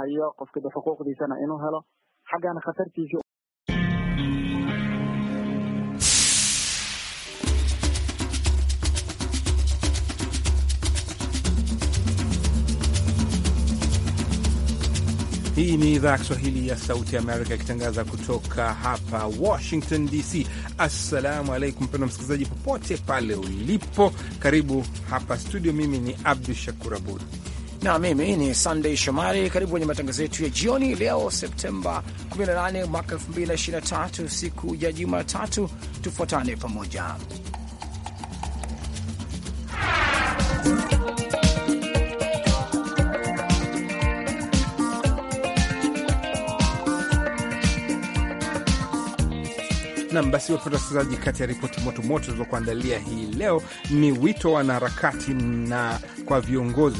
hayo qofkiiba xuquuqdiisana inuu helo xaggana khatartiisa Hii ni idhaa ya Kiswahili ya Sauti ya Amerika ikitangaza kutoka hapa Washington DC. Assalamu alaikum, mpendwa msikilizaji, popote pale ulipo, karibu hapa studio. Mimi ni Abdu Shakur Abud na mimi ni Sunday Shomari. Karibu kwenye matangazo yetu ya jioni leo Septemba 18 mwaka 2023, siku ya Jumatatu. Tufuatane pamoja Nam basi, wapata wasikilizaji, kati ya ripoti motomoto tulizokuandalia hii leo ni wito wa wanaharakati na kwa viongozi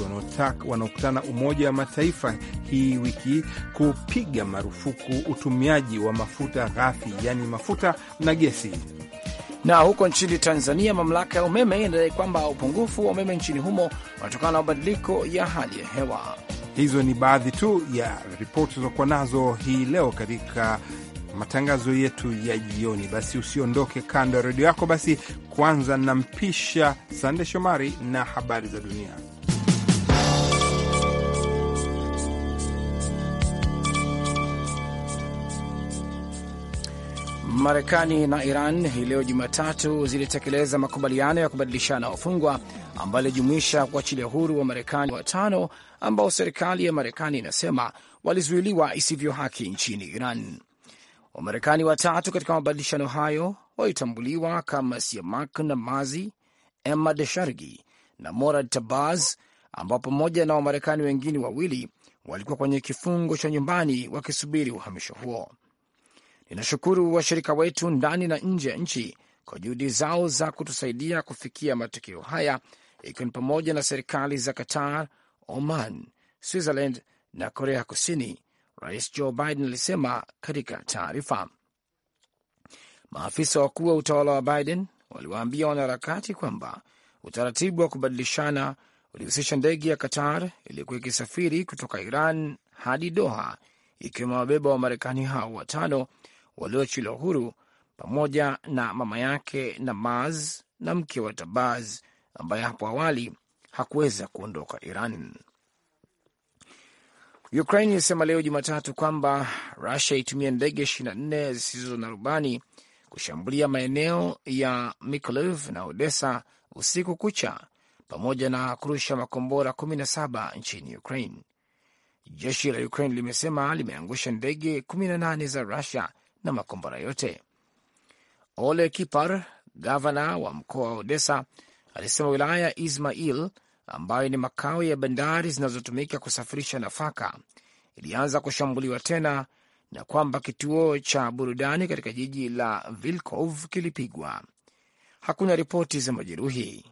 wanaokutana Umoja wa Mataifa hii wiki kupiga marufuku utumiaji wa mafuta ghafi, yaani mafuta na gesi. Na huko nchini Tanzania, mamlaka ya umeme inadai kwamba upungufu wa umeme nchini humo unatokana na mabadiliko ya hali ya hewa. Hizo ni baadhi tu ya ripoti zilizokuwa nazo hii leo katika matangazo yetu ya jioni. Basi usiondoke kando ya redio yako. Basi kwanza nampisha Sande Shomari na habari za dunia. Marekani na Iran hii leo Jumatatu zilitekeleza makubaliano ya kubadilishana wafungwa ambayo ilijumuisha kuachilia huru wa Marekani watano ambao serikali ya Marekani inasema walizuiliwa isivyo haki nchini Iran. Wamarekani watatu katika mabadilishano hayo walitambuliwa kama Siamak Namazi, Emma Deshargi na Morad Tabaz, ambao pamoja na Wamarekani wengine wawili walikuwa kwenye kifungo cha nyumbani wakisubiri uhamisho huo. Ninashukuru washirika wetu ndani na nje ya nchi kwa juhudi zao za kutusaidia kufikia matokeo haya, ikiwa ni pamoja na serikali za Qatar, Oman, Switzerland na Korea Kusini Rais Joe Biden alisema katika taarifa. Maafisa wakuu wa utawala wa Biden waliwaambia wanaharakati kwamba utaratibu wa kubadilishana ulihusisha ndege ya Qatar iliyokuwa ikisafiri kutoka Iran hadi Doha, ikiwemo wabeba wa Marekani hao watano walioachiliwa huru pamoja na mama yake Namaz na mke wa Tabaz ambaye hapo awali hakuweza kuondoka Iran. Ukraine ilisema leo Jumatatu kwamba Rusia itumia ndege 24 zisizo na rubani kushambulia maeneo ya Mykolaiv na Odessa usiku kucha pamoja na kurusha makombora 17 nchini Ukraine. Jeshi la Ukraine limesema limeangusha ndege 18 za Rusia na makombora yote. Ole Kipar, gavana wa mkoa wa Odessa, alisema wilaya ya Ismail ambayo ni makao ya bandari zinazotumika kusafirisha nafaka ilianza kushambuliwa tena na kwamba kituo cha burudani katika jiji la Vilkov kilipigwa. Hakuna ripoti za majeruhi.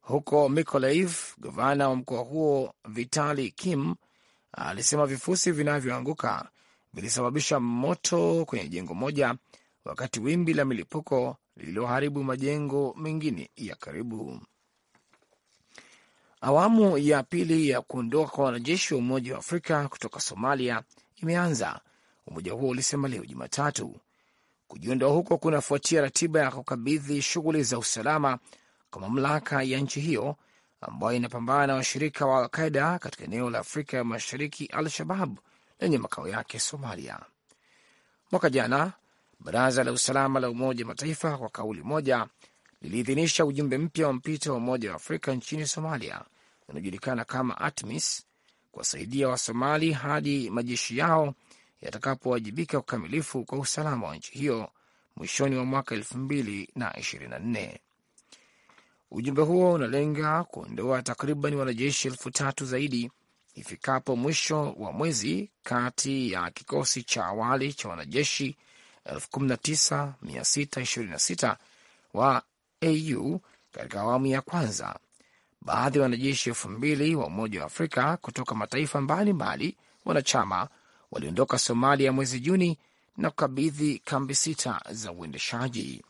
Huko Mikolaiv, gavana wa mkoa huo Vitali Kim alisema vifusi vinavyoanguka vilisababisha moto kwenye jengo moja, wakati wimbi la milipuko lililoharibu majengo mengine ya karibu. Awamu ya pili ya kuondoka kwa wanajeshi wa Umoja wa Afrika kutoka Somalia imeanza, umoja huo ulisema leo Jumatatu. Kujiondoa huko kunafuatia ratiba ya kukabidhi shughuli za usalama kwa mamlaka ya nchi hiyo ambayo inapambana na washirika wa Alqaida katika eneo la Afrika ya Mashariki, Al-Shabab lenye makao yake Somalia. Mwaka jana Baraza la Usalama la Umoja Mataifa kwa kauli moja liliidhinisha ujumbe mpya wa mpito wa Umoja wa Afrika nchini Somalia yanayojulikana kama ATMIS kuwasaidia Wasomali hadi majeshi yao yatakapowajibika kukamilifu kwa usalama wa nchi hiyo mwishoni mwa mwaka nne. Ujumbe huo unalenga kuondoa takriban wanajeshi elfu tatu zaidi ifikapo mwisho wa mwezi kati ya kikosi cha awali cha wanajeshi 19626 wa AU katika awamu ya kwanza baadhi ya wanajeshi elfu mbili wa Umoja wa Afrika kutoka mataifa mbalimbali wanachama waliondoka Somalia mwezi Juni na kukabidhi kambi sita za uendeshaji.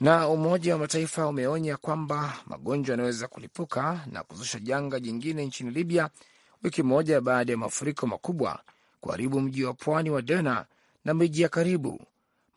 Na Umoja wa Mataifa umeonya kwamba magonjwa yanaweza kulipuka na kuzusha janga jingine nchini Libya, wiki moja baada ya mafuriko makubwa kuharibu mji wa pwani wa Derna na miji ya karibu.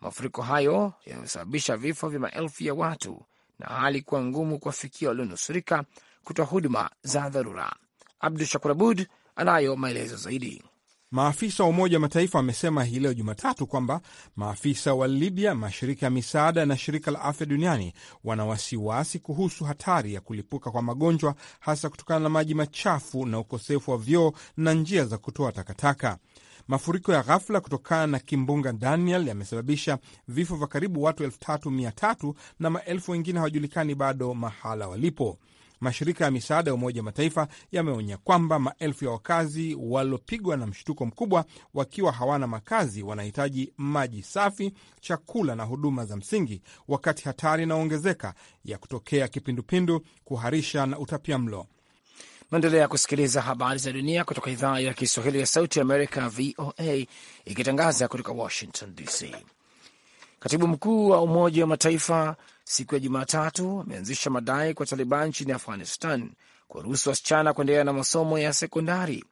Mafuriko hayo yamesababisha vifo vya maelfu ya watu na hali kuwa ngumu kuwafikia walionusurika kutoa huduma za dharura. Abdu Shakur Abud anayo maelezo zaidi. Maafisa wa Umoja wa Mataifa wamesema hii leo Jumatatu kwamba maafisa wa Libya, mashirika ya misaada na shirika la afya duniani wana wasiwasi kuhusu hatari ya kulipuka kwa magonjwa, hasa kutokana na maji machafu na ukosefu wa vyoo na njia za kutoa takataka. Mafuriko ya ghafla kutokana na kimbunga Daniel yamesababisha vifo vya karibu watu elfu tatu mia tatu na maelfu wengine hawajulikani bado mahala walipo. Mashirika ya misaada ya Umoja Mataifa yameonya kwamba maelfu ya wakazi waliopigwa na mshtuko mkubwa wakiwa hawana makazi wanahitaji maji safi, chakula na huduma za msingi, wakati hatari inaongezeka ya kutokea kipindupindu, kuharisha na utapia mlo. Naendelea kusikiliza habari za dunia kutoka idhaa ya Kiswahili ya Sauti ya Amerika, VOA, ikitangaza kutoka Washington DC. Katibu mkuu wa Umoja wa Mataifa siku ya Jumatatu ameanzisha madai kwa Taliban nchini Afghanistan ruhusu wasichana kuendelea na masomo ya sekondari.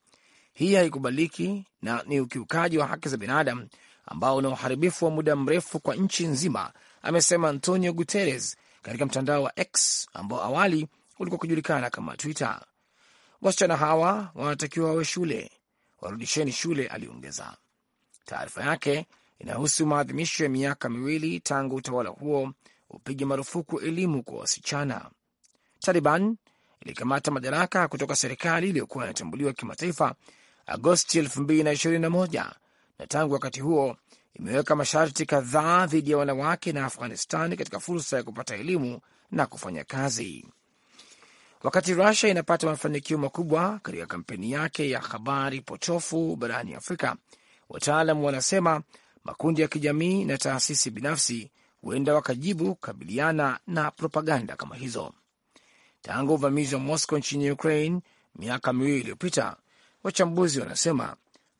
Hii haikubaliki na ni ukiukaji wa haki za binadamu ambao una uharibifu wa muda mrefu kwa nchi nzima, amesema Antonio Guterres katika mtandao wa X ambao awali ulikuwa kujulikana kama Twitter. Wasichana hawa wanatakiwa wawe shule, warudisheni shule, aliongeza. Taarifa yake inahusu maadhimisho ya miaka miwili tangu utawala huo upige marufuku elimu kwa wasichana. Taliban ilikamata madaraka kutoka serikali iliyokuwa inatambuliwa kimataifa Agosti 2021 na tangu wakati huo imeweka masharti kadhaa dhidi ya wanawake na Afghanistan katika fursa ya kupata elimu na kufanya kazi. Wakati Rusia inapata mafanikio makubwa katika kampeni yake ya habari potofu barani Afrika, wataalam wanasema makundi ya kijamii na taasisi binafsi huenda wakajibu kukabiliana na propaganda kama hizo. Tangu uvamizi wa Moscow nchini Ukraine miaka miwili iliyopita, wachambuzi wanasema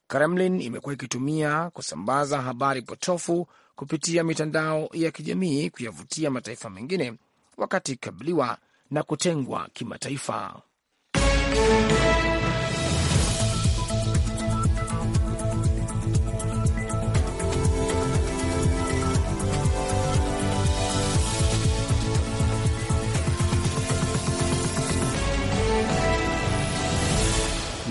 Kremlin imekuwa ikitumia kusambaza habari potofu kupitia mitandao ya kijamii kuyavutia mataifa mengine, wakati ikikabiliwa na kutengwa kimataifa.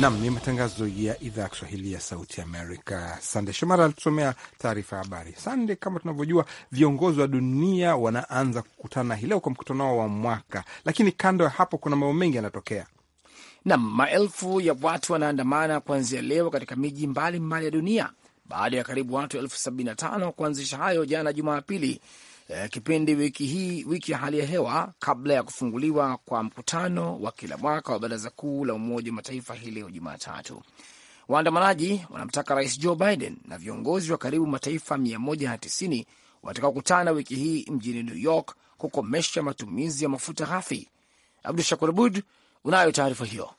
Nam ni matangazo ya idhaa ya Kiswahili ya Sauti Amerika. Sande Shomara alitusomea taarifa ya habari. Sande, kama tunavyojua, viongozi wa dunia wanaanza kukutana hii leo kwa mkutano wao wa mwaka, lakini kando ya hapo kuna mambo mengi yanatokea. Nam, maelfu ya watu wanaandamana kuanzia leo katika miji mbalimbali ya dunia baada ya karibu watu elfu sabini na tano kuanzisha hayo jana Jumapili eh, kipindi wiki hii, wiki ya hali ya hewa kabla ya kufunguliwa kwa mkutano wa kila mwaka wa baraza kuu la Umoja wa Mataifa hii leo Jumatatu. Waandamanaji wanamtaka Rais Joe Biden na viongozi wa karibu mataifa 190 watakaokutana wiki hii mjini New York kukomesha matumizi ya mafuta ghafi. Abdu Shakur Abud unayo taarifa hiyo.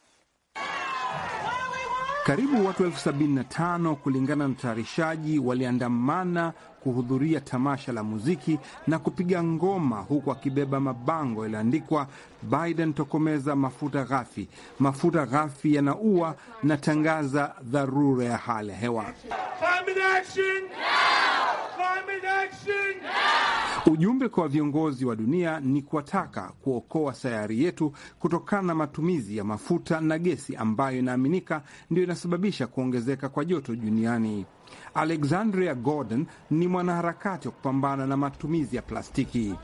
Karibu watu elfu 75 kulingana na utayarishaji waliandamana kuhudhuria tamasha la muziki na kupiga ngoma huku akibeba mabango yaliyoandikwa Biden tokomeza mafuta ghafi, mafuta ghafi yanaua, na tangaza dharura ya hali ya hewa. Climate action! Now! Climate action! Now! Ujumbe kwa viongozi wa dunia ni kuwataka kuokoa sayari yetu kutokana na matumizi ya mafuta na gesi ambayo inaaminika ndiyo inasababisha kuongezeka kwa joto duniani. Alexandria Gordon ni mwanaharakati wa kupambana na matumizi ya plastiki.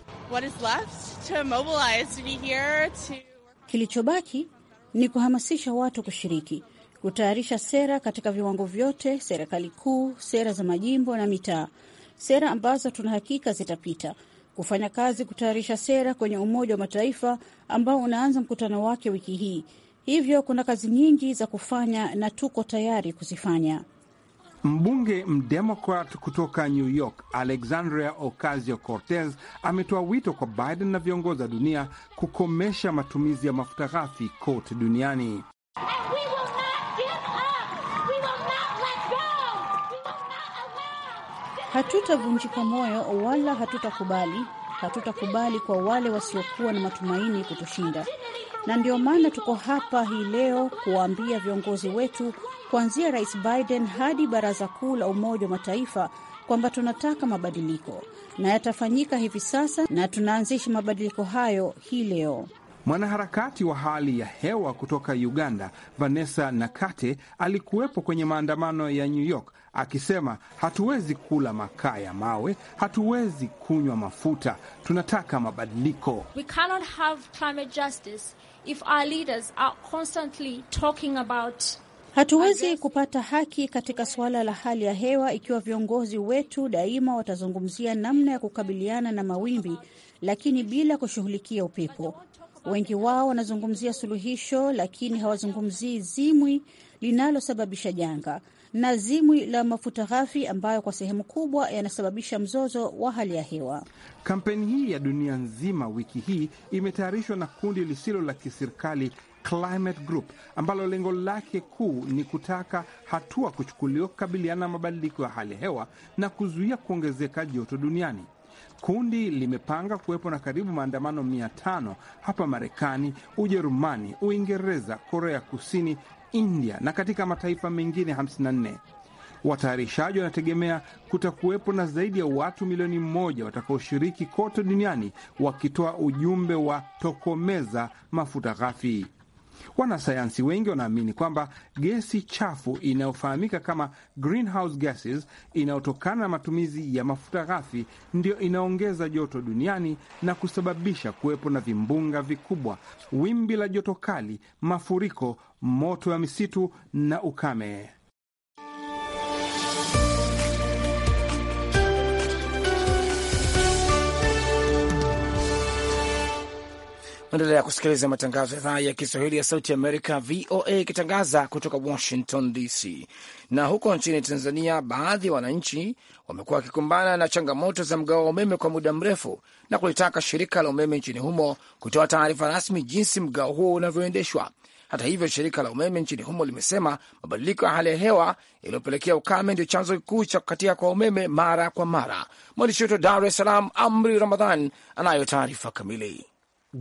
Kilichobaki ni kuhamasisha watu kushiriki, kutayarisha sera katika viwango vyote, serikali kuu, sera za majimbo na mitaa sera ambazo tuna hakika zitapita, kufanya kazi kutayarisha sera kwenye Umoja wa Mataifa ambao unaanza mkutano wake wiki hii. Hivyo kuna kazi nyingi za kufanya na tuko tayari kuzifanya. Mbunge mdemokrat kutoka New York Alexandria Ocasio Cortez ametoa wito kwa Biden na viongozi wa dunia kukomesha matumizi ya mafuta ghafi kote duniani. Hatutavunjika moyo wala hatutakubali, hatutakubali kwa wale wasiokuwa na matumaini kutushinda, na ndio maana tuko hapa hii leo kuwaambia viongozi wetu kuanzia Rais Biden hadi Baraza Kuu la Umoja wa Mataifa kwamba tunataka mabadiliko na yatafanyika hivi sasa, na tunaanzisha mabadiliko hayo hii leo. Mwanaharakati wa hali ya hewa kutoka Uganda, Vanessa Nakate, alikuwepo kwenye maandamano ya New York akisema, hatuwezi kula makaa ya mawe, hatuwezi kunywa mafuta, tunataka mabadiliko. We cannot have climate justice if our leaders are constantly talking about Hatuwezi kupata haki katika suala la hali ya hewa ikiwa viongozi wetu daima watazungumzia namna ya kukabiliana na mawimbi, lakini bila kushughulikia upepo. Wengi wao wanazungumzia suluhisho, lakini hawazungumzii zimwi linalosababisha janga na zimwi la mafuta ghafi ambayo kwa sehemu kubwa yanasababisha mzozo wa hali ya hewa. Kampeni hii ya dunia nzima wiki hii imetayarishwa na kundi lisilo la kiserikali Climate Group ambalo lengo lake kuu ni kutaka hatua kuchukuliwa kukabiliana na mabadiliko ya hali ya hewa na kuzuia kuongezeka joto duniani. Kundi limepanga kuwepo na karibu maandamano mia tano hapa Marekani, Ujerumani, Uingereza, Korea Kusini, India na katika mataifa mengine 54. Watayarishaji wanategemea kutakuwepo na zaidi ya watu milioni moja watakaoshiriki kote duniani wakitoa ujumbe wa tokomeza mafuta ghafi. Wanasayansi wengi wanaamini kwamba gesi chafu inayofahamika kama greenhouse gases inayotokana na matumizi ya mafuta ghafi ndiyo inaongeza joto duniani na kusababisha kuwepo na vimbunga vikubwa, wimbi la joto kali, mafuriko, moto ya misitu na ukame. Naendelea kusikiliza matangazo ya idhaa ya Kiswahili ya Sauti Amerika, VOA, ikitangaza kutoka Washington DC. Na huko nchini Tanzania, baadhi ya wananchi wamekuwa wakikumbana na changamoto za mgao wa umeme kwa muda mrefu na kulitaka shirika la umeme nchini humo kutoa taarifa rasmi jinsi mgao huo unavyoendeshwa. Hata hivyo, shirika la umeme nchini humo limesema mabadiliko ya hali ya hewa yaliyopelekea ukame ndio chanzo kikuu cha kukatia kwa umeme mara kwa mara. Mwandishi wetu Dar es Salaam, Amri Ramadhan, anayo taarifa kamili.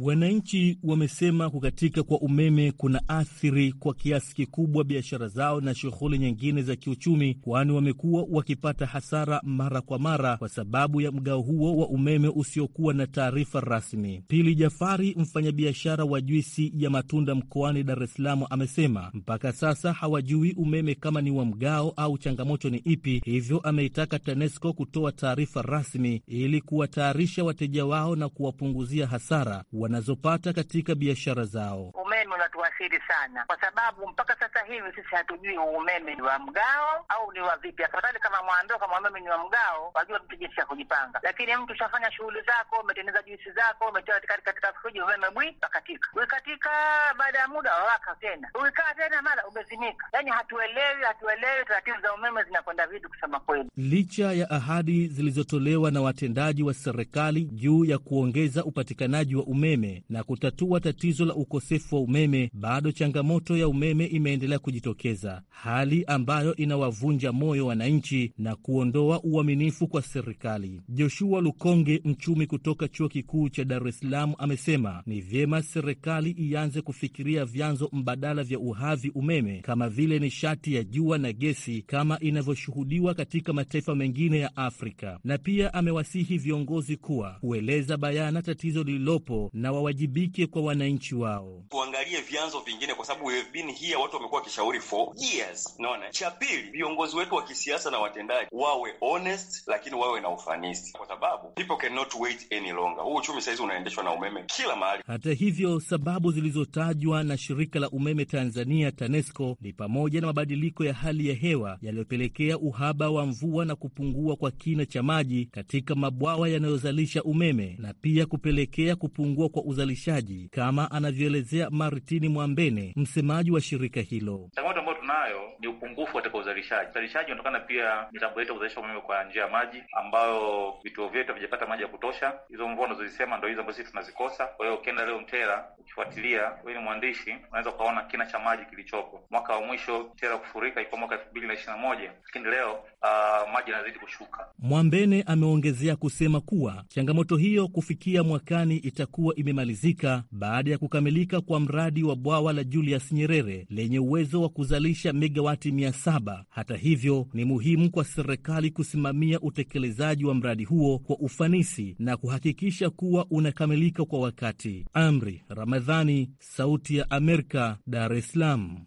Wananchi wamesema kukatika kwa umeme kuna athiri kwa kiasi kikubwa biashara zao na shughuli nyingine za kiuchumi, kwani wamekuwa wakipata hasara mara kwa mara kwa sababu ya mgao huo wa umeme usiokuwa na taarifa rasmi. Pili Jafari, mfanyabiashara wa juisi ya matunda mkoani Dar es Salaam, amesema mpaka sasa hawajui umeme kama ni wa mgao au changamoto ni ipi, hivyo ameitaka TANESCO kutoa taarifa rasmi ili kuwatayarisha wateja wao na kuwapunguzia hasara wanazopata katika biashara zao. Umeme unatuathiri sana, kwa sababu mpaka sasa hivi sisi hatujui umeme ni wa mgao au ni wa vipi. Afadhali kama mwambia kama umeme ni wa mgao, wajua mtu jinsi ya kujipanga, lakini mtu ushafanya shughuli zako, umetengeneza juisi zako, umetoa katika friji, umeme bwi wakatika, ulikatika baada ya muda wawaka tena, ukikaa tena mara umezimika. Yani hatuelewi, hatuelewi taratibu za umeme zinakwenda vipi, kusema kweli. Licha ya ahadi zilizotolewa na watendaji wa serikali juu ya kuongeza upatikanaji wa umeme umeme na kutatua tatizo la ukosefu wa umeme, bado changamoto ya umeme imeendelea kujitokeza, hali ambayo inawavunja moyo wananchi na kuondoa uaminifu kwa serikali. Joshua Lukonge, mchumi kutoka chuo kikuu cha Dar es Salaam, amesema ni vyema serikali ianze kufikiria vyanzo mbadala vya uhavi umeme kama vile nishati ya jua na gesi kama inavyoshuhudiwa katika mataifa mengine ya Afrika, na pia amewasihi viongozi kuwa kueleza bayana tatizo lililopo na wawajibike kwa wananchi wao. Tuangalie vyanzo vingine, kwa sababu here, watu wamekuwa wakishauri for years. Naona cha pili, viongozi wetu wa kisiasa na watendaji wawe honest, lakini wawe na ufanisi, kwa sababu people cannot wait any longer. Huu uchumi sahizi unaendeshwa na umeme kila mahali. Hata hivyo, sababu zilizotajwa na shirika la umeme Tanzania TANESCO ni pamoja na mabadiliko ya hali ya hewa yaliyopelekea uhaba wa mvua na kupungua kwa kina cha maji katika mabwawa yanayozalisha umeme na pia kupelekea kupungua kubwa kwa uzalishaji, kama anavyoelezea Martini Mwambene, msemaji wa shirika hilo. Changamoto ambayo tunayo ni upungufu katika uzalishaji. Uzalishaji unatokana pia mitambo yetu kuzalisha umeme kwa njia ya maji, ambayo vituo vyetu havijapata maji ya kutosha. Hizo mvua unazozisema ndo hizo ambazo sisi tunazikosa. Kwa hiyo ukienda leo Mtera ukifuatilia, wewe ni mwandishi, unaweza ukaona kina cha maji kilichopo. Mwaka wa mwisho Mtera kufurika ilikuwa mwaka elfu mbili na ishirini na moja lakini leo uh, maji yanazidi kushuka. Mwambene ameongezea kusema kuwa changamoto hiyo kufikia mwakani itakuwa imemalizika baada ya kukamilika kwa mradi wa bwawa la Julius Nyerere lenye uwezo wa kuzalisha megawati 700. Hata hivyo, ni muhimu kwa serikali kusimamia utekelezaji wa mradi huo kwa ufanisi na kuhakikisha kuwa unakamilika kwa wakati. Amri Ramadhani, Sauti ya Amerika, Dar es Salaam.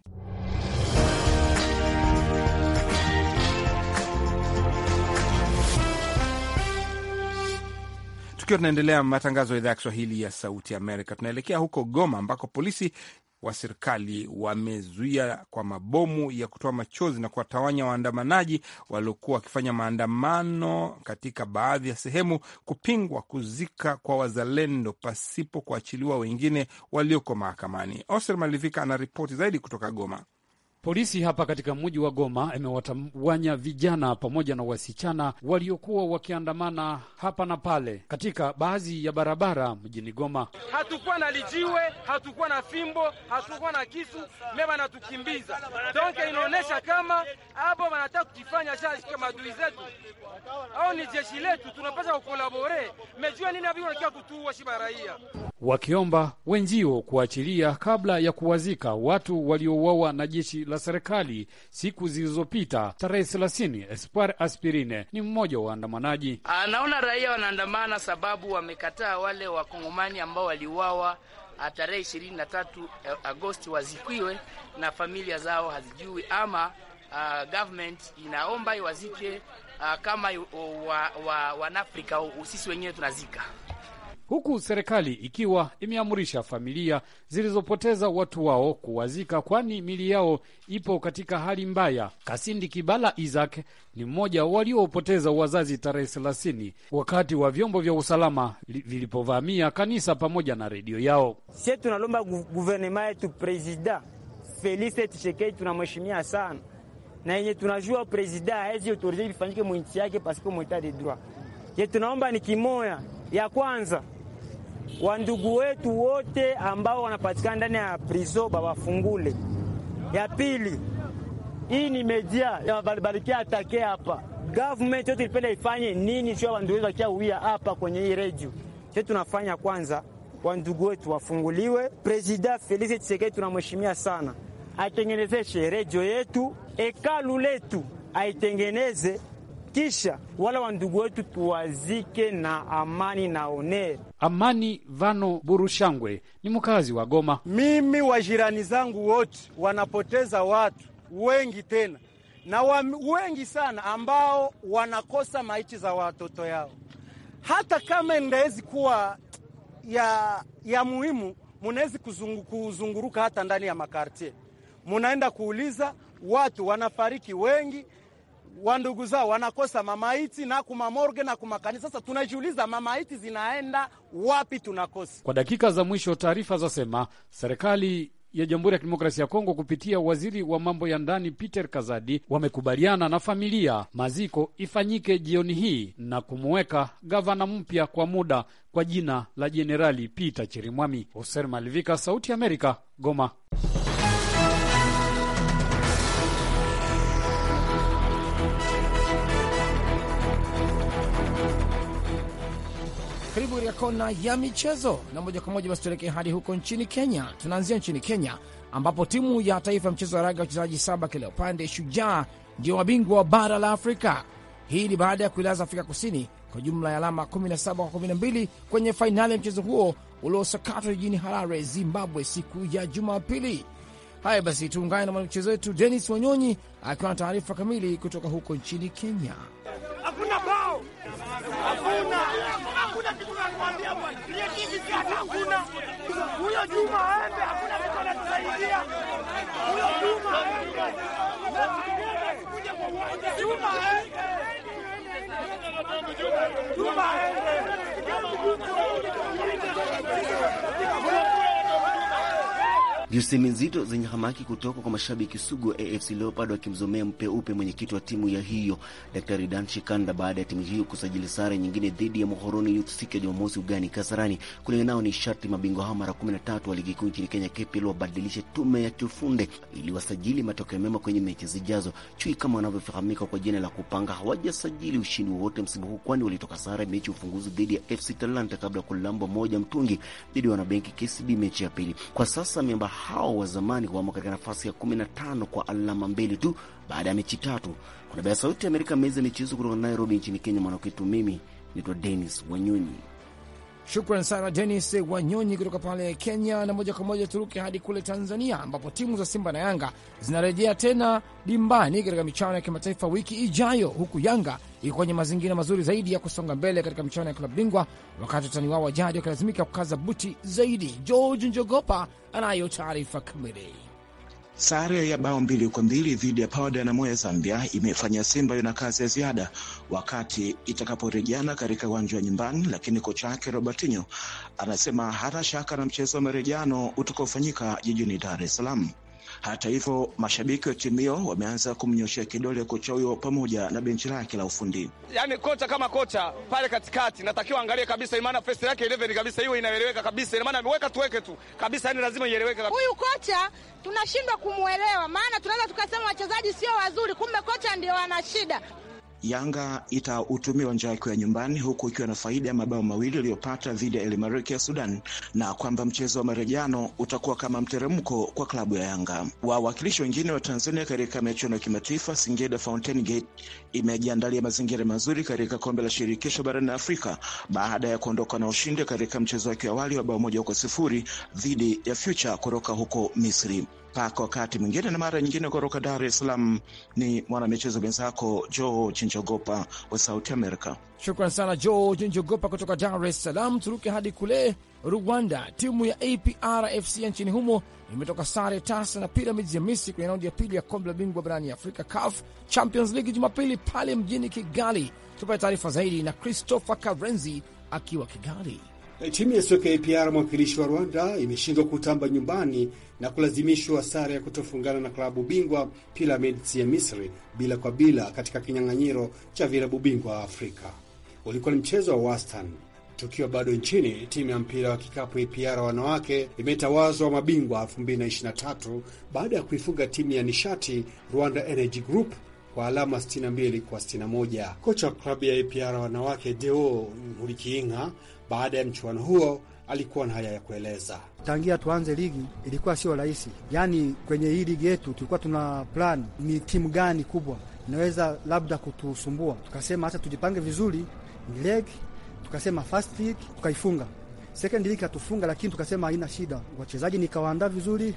Tukiwa tunaendelea matangazo ya idhaa ya Kiswahili ya Sauti Amerika, tunaelekea huko Goma ambako polisi wa serikali wamezuia kwa mabomu ya kutoa machozi na kuwatawanya waandamanaji waliokuwa wakifanya maandamano katika baadhi ya sehemu kupingwa kuzika kwa wazalendo pasipo kuachiliwa wengine walioko mahakamani. Oser Malivika ana ripoti zaidi kutoka Goma. Polisi hapa katika mji wa Goma imewatawanya vijana pamoja na wasichana waliokuwa wakiandamana hapa na pale katika baadhi ya barabara mjini Goma. Hatukuwa na lijiwe, hatukuwa na fimbo, hatukuwa na kisu me wanatukimbiza. Donke inaonyesha kama hapo wanataka kukifanya shaka madui zetu au ni jeshi letu, tunapasa kukolabore. Mejua nini avikia kutuua shiba raia wakiomba wenzio kuachilia kabla ya kuwazika watu waliouawa na jeshi la serikali siku zilizopita tarehe thelathini. Espoir Aspirine ni mmoja wa waandamanaji. Anaona ah, raia wanaandamana sababu wamekataa wale wakongomani ambao waliuawa ah, tarehe ishirini na tatu eh, Agosti wazikiwe na familia zao hazijui ama Uh, government inaomba iwazike uh, kama uh, wa, wa, Wanafrika sisi wenyewe tunazika huku serikali ikiwa imeamurisha familia zilizopoteza watu wao kuwazika, kwani mili yao ipo katika hali mbaya. Kasindi Kibala Isaac ni mmoja waliopoteza wazazi tarehe thelathini wakati wa vyombo vya usalama vilipovamia kanisa pamoja na redio yao. Sie tunalomba guvernema yetu Presida Felise Tshisekedi tunamheshimia sana na yenye tunajua presida haezi autorize vifanyike mwinchi yake pasiko mweta de droit ye tunaomba ni kimoya ya kwanza wandugu wetu wote ambao wanapatikana ndani ya prizo bawafungule. Ya pili, hii ni media balibalikia atake hapa government yote ilipenda ifanye nini sio ya wandugu wetu wakiauia hapa kwenye hii redio sio? tunafanya kwanza, wandugu wetu wafunguliwe. Presida Felix Tshisekedi tunamheshimia sana, atengenezeshe redio yetu, ekalu letu aitengeneze kisha wala wandugu wetu tuwazike na amani na onee. Amani Vano Burushangwe ni mkazi wa Goma. Mimi wajirani zangu wote wanapoteza watu wengi tena na wa, wengi sana ambao wanakosa maiti za watoto yao, hata kama ndawezi kuwa ya, ya muhimu, munawezi kuzunguruka hata ndani ya makartie, munaenda kuuliza watu wanafariki wengi wa ndugu zao wanakosa mamaiti na kuma na kuma kanisa. Sasa tunajiuliza mamaiti zinaenda wapi? Tunakosa kwa dakika za mwisho. Taarifa zasema serikali ya Jamhuri ya Kidemokrasia ya Kongo kupitia waziri wa mambo ya ndani Peter Kazadi wamekubaliana na familia maziko ifanyike jioni hii na kumuweka gavana mpya kwa muda kwa jina la Jenerali Peter Chirimwami. Hoser Malivika, Sauti ya Amerika, Goma. katika kona ya michezo na moja kwa moja basi tuelekee hadi huko nchini Kenya. Tunaanzia nchini Kenya ambapo timu ya taifa ya mchezo wa raga wachezaji saba kila upande, Shujaa ndio wabingwa wa bara la Afrika. Hii ni baada ya kuilaza Afrika Kusini kwa jumla ya alama 17 kwa 12 kwenye fainali ya mchezo huo uliosakatwa jijini Harare, Zimbabwe, siku ya Jumapili. Haya basi, tuungane na mwanamchezo wetu Denis Wanyonyi akiwa na taarifa kamili kutoka huko nchini Kenya. Hakuna bao! Hakuna! hakuna kitu nakwambia bwana, ile kijiji hakuna. Huyo Juma aende, hakuna kitu anatusaidia huyo Juma aende, Juma aende, Juma aende Viusemi nzito zenye hamaki kutoka kwa mashabiki sugu wa AFC Leopard wakimzomea mpeupe mwenyekiti wa timu ya hiyo Daktari Dan Shikanda baada ya timu hiyo kusajili sare nyingine dhidi ya Muhoroni Youth siku ya Jumamosi ugani Kasarani. Kulingana nao ni sharti mabingwa hao mara kumi 13 wa ligi kuu nchini Kenya KPL wabadilishe tume ya kiufunde ili wasajili matokeo mema kwenye mechi zijazo. Chui kama wanavyofahamika kwa jina la kupanga hawajasajili ushindi wowote msimu huu, kwani walitoka sare mechi ufunguzi dhidi ya FC Talanta kabla ya kulambwa moja mtungi dhidi ya wanabenki KCB mechi ya pili. Kwa sasa miamba hao wa zamani kuamua katika nafasi ya 15 kwa alama mbili tu baada ya mechi tatu. Kwa niaba ya Sauti ya Amerika, meza ya michezo kutoka Nairobi nchini Kenya, mwanakwetu, mimi naitwa Dennis Wanyonyi. Shukran sana Denis Wanyonyi kutoka pale Kenya. Na moja kwa moja turuke hadi kule Tanzania, ambapo timu za Simba na Yanga zinarejea tena dimbani katika michuano ya kimataifa wiki ijayo, huku Yanga iko kwenye mazingira mazuri zaidi ya kusonga mbele katika michuano ya klabu bingwa, wakati watani wao wa jadi wakilazimika kukaza buti zaidi. George Njogopa anayo taarifa kamili. Sare ya bao mbili kwa mbili dhidi ya Power Dynamo ya Zambia imefanya Simba ina kazi ya ziada wakati itakaporejeana katika uwanja wa nyumbani, lakini kocha wake Robertinho anasema hana shaka na mchezo wa marejano utakaofanyika jijini Dar es Salaam. Hata hivyo, mashabiki wa timu hiyo wameanza kumnyoshea kidole kocha huyo pamoja na benchi lake la ufundi. yani kocha kama kocha pale katikati natakiwa angalie kabisa, imaana face yake 11 kabisa hiyo inaeleweka kabisa, inamaana ameweka tuweke tu kabisa, yani lazima ieleweke Huyu kocha tunashindwa kumwelewa maana tunaweza tukasema wachezaji sio wazuri, kumbe kocha ndio ana shida. Yanga itautumia uwanja wake wa nyumbani huku ikiwa na faida ya mabao mawili iliyopata dhidi ya El ya Sudan, na kwamba mchezo wa marejano utakuwa kama mteremko kwa klabu ya Yanga. Wawakilishi wengine wa Tanzania katika michuano ya kimataifa, Singida Fountain Gate imejiandalia mazingira mazuri katika kombe la shirikisho barani Afrika baada ya kuondoka na ushindi katika mchezo wake awali wa bao moja kwa sifuri dhidi ya Future kutoka huko Misri pako wakati mwingine na mara nyingine. Kutoka Dar es Salaam ni mwanamichezo mwenzako George Njogopa wa Sauti Amerika. Shukran sana George Njogopa kutoka Dar es Salaam. Turuke hadi kule Rwanda. Timu ya APR FC ya nchini humo imetoka sare tasa na Pyramids ya Misri kwenye raundi ya pili ya kombe la bingwa barani ya Afrika, CAF Champions League, Jumapili pale mjini Kigali. Tupate taarifa zaidi na Christopher Karenzi akiwa Kigali. Timu eh, ya soka ya APR mwakilishi wa Rwanda imeshindwa kutamba nyumbani na kulazimishwa sare ya kutofungana na klabu bingwa Pyramids ya Misri bila kwa bila katika kinyang'anyiro cha vilabu bingwa Afrika. Ulikuwa ni mchezo wa wastani. Tukiwa bado nchini, timu ya mpira wa kikapu APR wanawake imetawazwa mabingwa 2023 baada ya kuifunga timu ya nishati Rwanda Energy Group kwa alama 62 kwa 61. Kocha wa klabu ya APR wanawake Deo Nkurikiinka baada ya mchuano huo alikuwa na haya ya kueleza. Tangia tuanze ligi ilikuwa sio rahisi, yaani kwenye hii ligi yetu tulikuwa tuna plani ni timu gani kubwa inaweza labda kutusumbua, tukasema hata tujipange vizuri. Ni tukasema first league tukaifunga, second league hatufunga, lakini tukasema haina shida, wachezaji nikawaandaa vizuri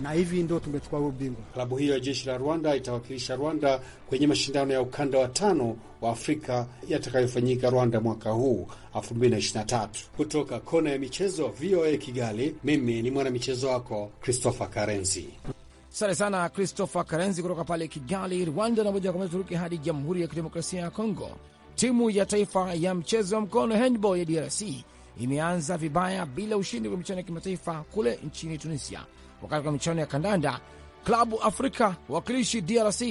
na hivi ndio tumechukua huo ubingwa. Klabu hiyo ya jeshi la Rwanda itawakilisha Rwanda kwenye mashindano ya ukanda wa tano wa Afrika yatakayofanyika Rwanda mwaka huu 2023. Kutoka kona ya michezo VOA Kigali, mimi ni mwanamichezo wako Christopher Karenzi. Asante sana Christopher Karenzi kutoka pale Kigali, Rwanda. Na moja kwa moja Turuki hadi Jamhuri ya Kidemokrasia ya Kongo. Timu ya taifa ya mchezo wa mkono handball ya DRC imeanza vibaya bila ushindi kwa michuano ya kimataifa kule nchini Tunisia Wakati wa michuano ya kandanda, klabu Afrika wawakilishi DRC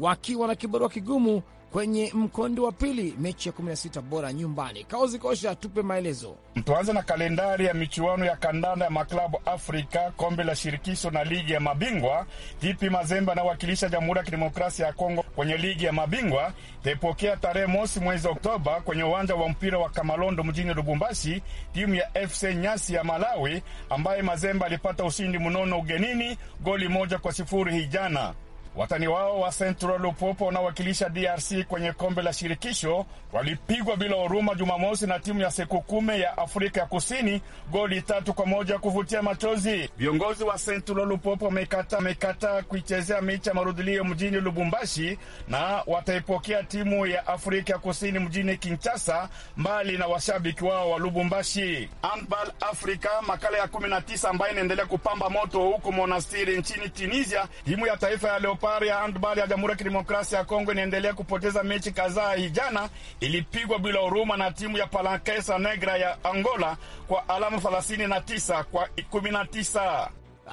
wakiwa na kibarua kigumu kwenye mkondo wa pili, mechi ya 16 bora nyumbani. Kaozi Kosha, tupe maelezo. Tuanze na kalendari ya michuano ya kandanda ya maklabu Afrika, kombe la shirikisho na ligi ya mabingwa. TP Mazembe anayowakilisha Jamhuri ya Kidemokrasia ya Kongo kwenye ligi ya mabingwa itaipokea tarehe mosi mwezi Oktoba kwenye uwanja wa mpira wa Kamalondo mjini Lubumbashi timu ya FC Nyasi ya Malawi ambaye Mazembe alipata ushindi mnono ugenini goli moja kwa sifuri hijana. Watani wao wa Central Lupopo wanaowakilisha DRC kwenye kombe la shirikisho walipigwa bila huruma Jumamosi na timu ya Sekukume ya Afrika ya Kusini goli tatu kwa moja kuvutia machozi. Viongozi wa Central Lupopo wamekataa kuichezea mechi ya marudhulio mjini Lubumbashi na wataipokea timu ya Afrika ya Kusini mjini Kinshasa, mbali na washabiki wao wa Lubumbashi. Handball Africa makala ya 19 ambayo inaendelea kupamba moto huko Monastiri nchini Tunisia, timu ya taifa ya Kampala ya handball ya Jamhuri ya Kidemokrasia ya Kongo inaendelea kupoteza mechi kadhaa. Hijana ilipigwa bila huruma na timu ya Palancesa Negra ya Angola kwa alama 39 kwa 19.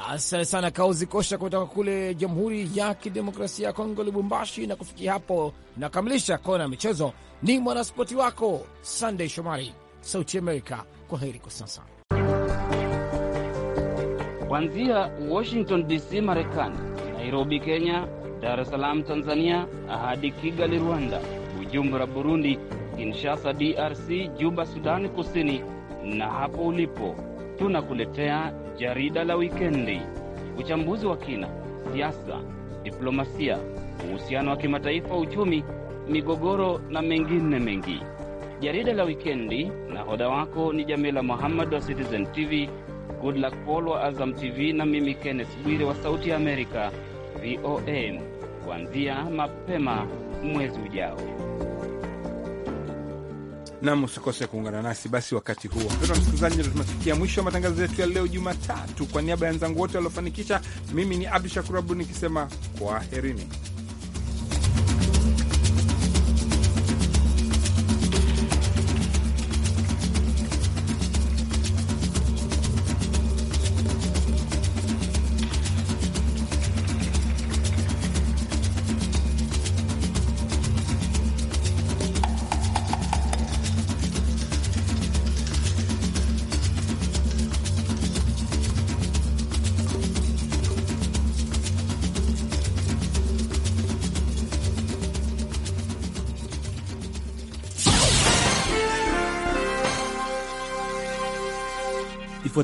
Asante sana Kauzi Kosha kutoka kule Jamhuri ya Kidemokrasia ya Kongo, Lubumbashi. Na kufikia hapo nakamilisha kona ya michezo. Ni mwanaspoti wako Sunday Shomari, Sauti Amerika. Kwa heri kwa sasa, kuanzia Washington DC, Marekani. Nairobi, Kenya, Dar es Salaam, Tanzania, hadi Kigali, Rwanda, Bujumbura, Burundi, Kinshasa, DRC, Juba, Sudani Kusini, na hapo ulipo tunakuletea jarida la wikendi, uchambuzi wa kina, siasa, diplomasia, uhusiano wa kimataifa, uchumi, migogoro na mengine mengi. Jarida la wikendi, nahodha wako ni Jamila Muhammad wa Citizen TV, Goodluck Paul wa Azam TV na mimi Kenneth Bwire wa Sauti ya Amerika. VOA kuanzia mapema mwezi ujao. Nam, usikose kuungana nasi basi. Wakati huo, mpendwa msikilizaji, ndio tumefikia mwisho wa matangazo yetu ya leo Jumatatu. Kwa niaba ya wenzangu wote waliofanikisha, mimi ni Abdu Shakur Abud nikisema kwaherini.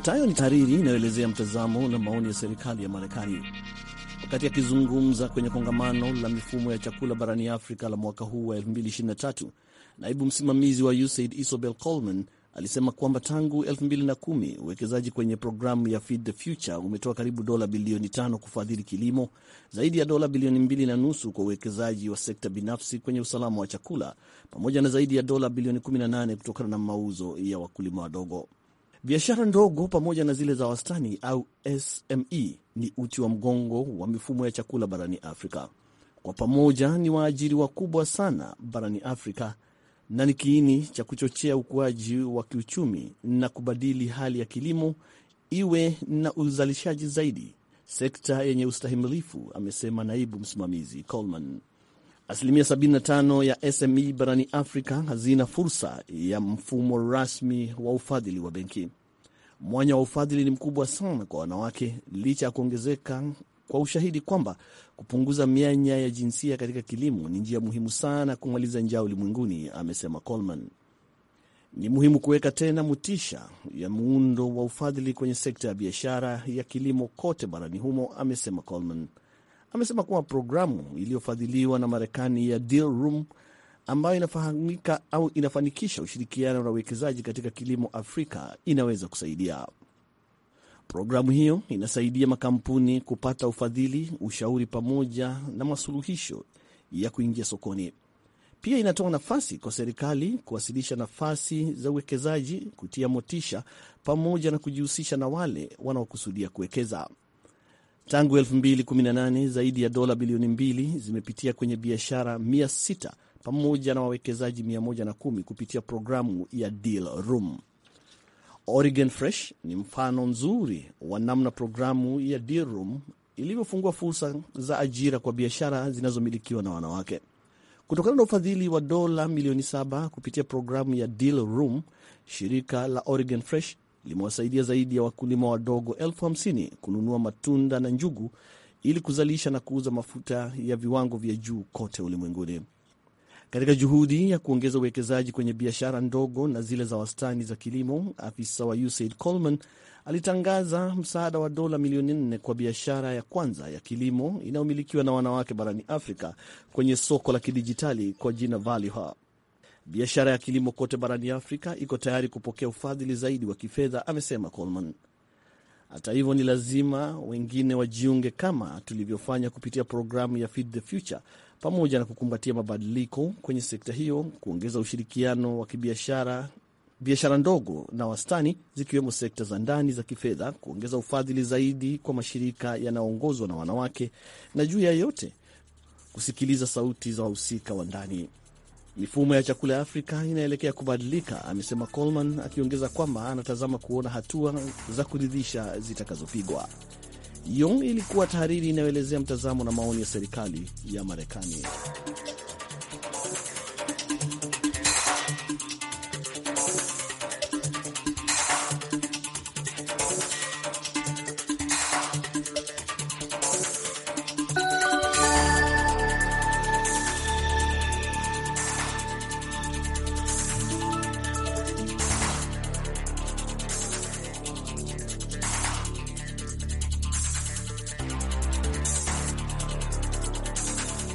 Ifuatayo ni tahariri inayoelezea mtazamo na maoni ya serikali ya Marekani. Wakati akizungumza kwenye kongamano la mifumo ya chakula barani Afrika la mwaka huu wa 2023, naibu msimamizi wa USAID Isobel Coleman alisema kwamba tangu 2010 uwekezaji kwenye programu ya Feed the Future umetoa karibu dola bilioni tano kufadhili kilimo, zaidi ya dola bilioni mbili na nusu kwa uwekezaji wa sekta binafsi kwenye usalama wa chakula, pamoja na zaidi ya dola bilioni 18 kutokana na mauzo ya wakulima wadogo. Biashara ndogo pamoja na zile za wastani au SME ni uti wa mgongo wa mifumo ya chakula barani Afrika. Kwa pamoja ni waajiri wakubwa sana barani Afrika na ni kiini cha kuchochea ukuaji wa kiuchumi na kubadili hali ya kilimo iwe na uzalishaji zaidi, sekta yenye ustahimilifu, amesema naibu msimamizi Coleman. Asilimia 75 ya SME barani Afrika hazina fursa ya mfumo rasmi wa ufadhili wa benki. Mwanya wa ufadhili ni mkubwa sana kwa wanawake, licha ya kuongezeka kwa ushahidi kwamba kupunguza mianya ya jinsia katika kilimo ni njia muhimu sana kumaliza njaa ulimwenguni, amesema Coleman. Ni muhimu kuweka tena mutisha ya muundo wa ufadhili kwenye sekta ya biashara ya kilimo kote barani humo, amesema Coleman amesema kuwa programu iliyofadhiliwa na Marekani ya Deal Room ambayo inafahamika au inafanikisha ushirikiano na uwekezaji katika kilimo Afrika inaweza kusaidia. Programu hiyo inasaidia makampuni kupata ufadhili, ushauri pamoja na masuluhisho ya kuingia sokoni. Pia inatoa nafasi kwa serikali kuwasilisha nafasi za uwekezaji, kutia motisha pamoja na kujihusisha na wale wanaokusudia kuwekeza. Tangu 2018 zaidi ya dola bilioni mbili zimepitia kwenye biashara 600 pamoja na wawekezaji 110 kupitia programu ya Deal Room. Oregon Fresh ni mfano nzuri wa namna programu ya Deal Room ilivyofungua fursa za ajira kwa biashara zinazomilikiwa na wanawake. Kutokana na ufadhili wa dola milioni saba kupitia programu ya Deal Room, shirika la Oregon Fresh limewasaidia zaidi ya wakulima wadogo elfu hamsini kununua matunda na njugu ili kuzalisha na kuuza mafuta ya viwango vya juu kote ulimwenguni. Katika juhudi ya kuongeza uwekezaji kwenye biashara ndogo na zile za wastani za kilimo, afisa wa USAID Coleman alitangaza msaada wa dola milioni nne kwa biashara ya kwanza ya kilimo inayomilikiwa na wanawake barani Afrika kwenye soko la kidijitali kwa jina Valihub. Biashara ya kilimo kote barani Afrika iko tayari kupokea ufadhili zaidi wa kifedha, amesema Coleman. Hata hivyo, ni lazima wengine wajiunge, kama tulivyofanya kupitia programu ya Feed the Future, pamoja na kukumbatia mabadiliko kwenye sekta hiyo, kuongeza ushirikiano wa kibiashara biashara ndogo na wastani zikiwemo sekta za ndani za kifedha, kuongeza ufadhili zaidi kwa mashirika yanayoongozwa na wanawake, na juu ya yote kusikiliza sauti za wahusika wa ndani. Mifumo ya chakula ya Afrika inaelekea kubadilika, amesema Coleman, akiongeza kwamba anatazama kuona hatua za kuridhisha zitakazopigwa. Yong ilikuwa tahariri inayoelezea mtazamo na maoni ya serikali ya Marekani.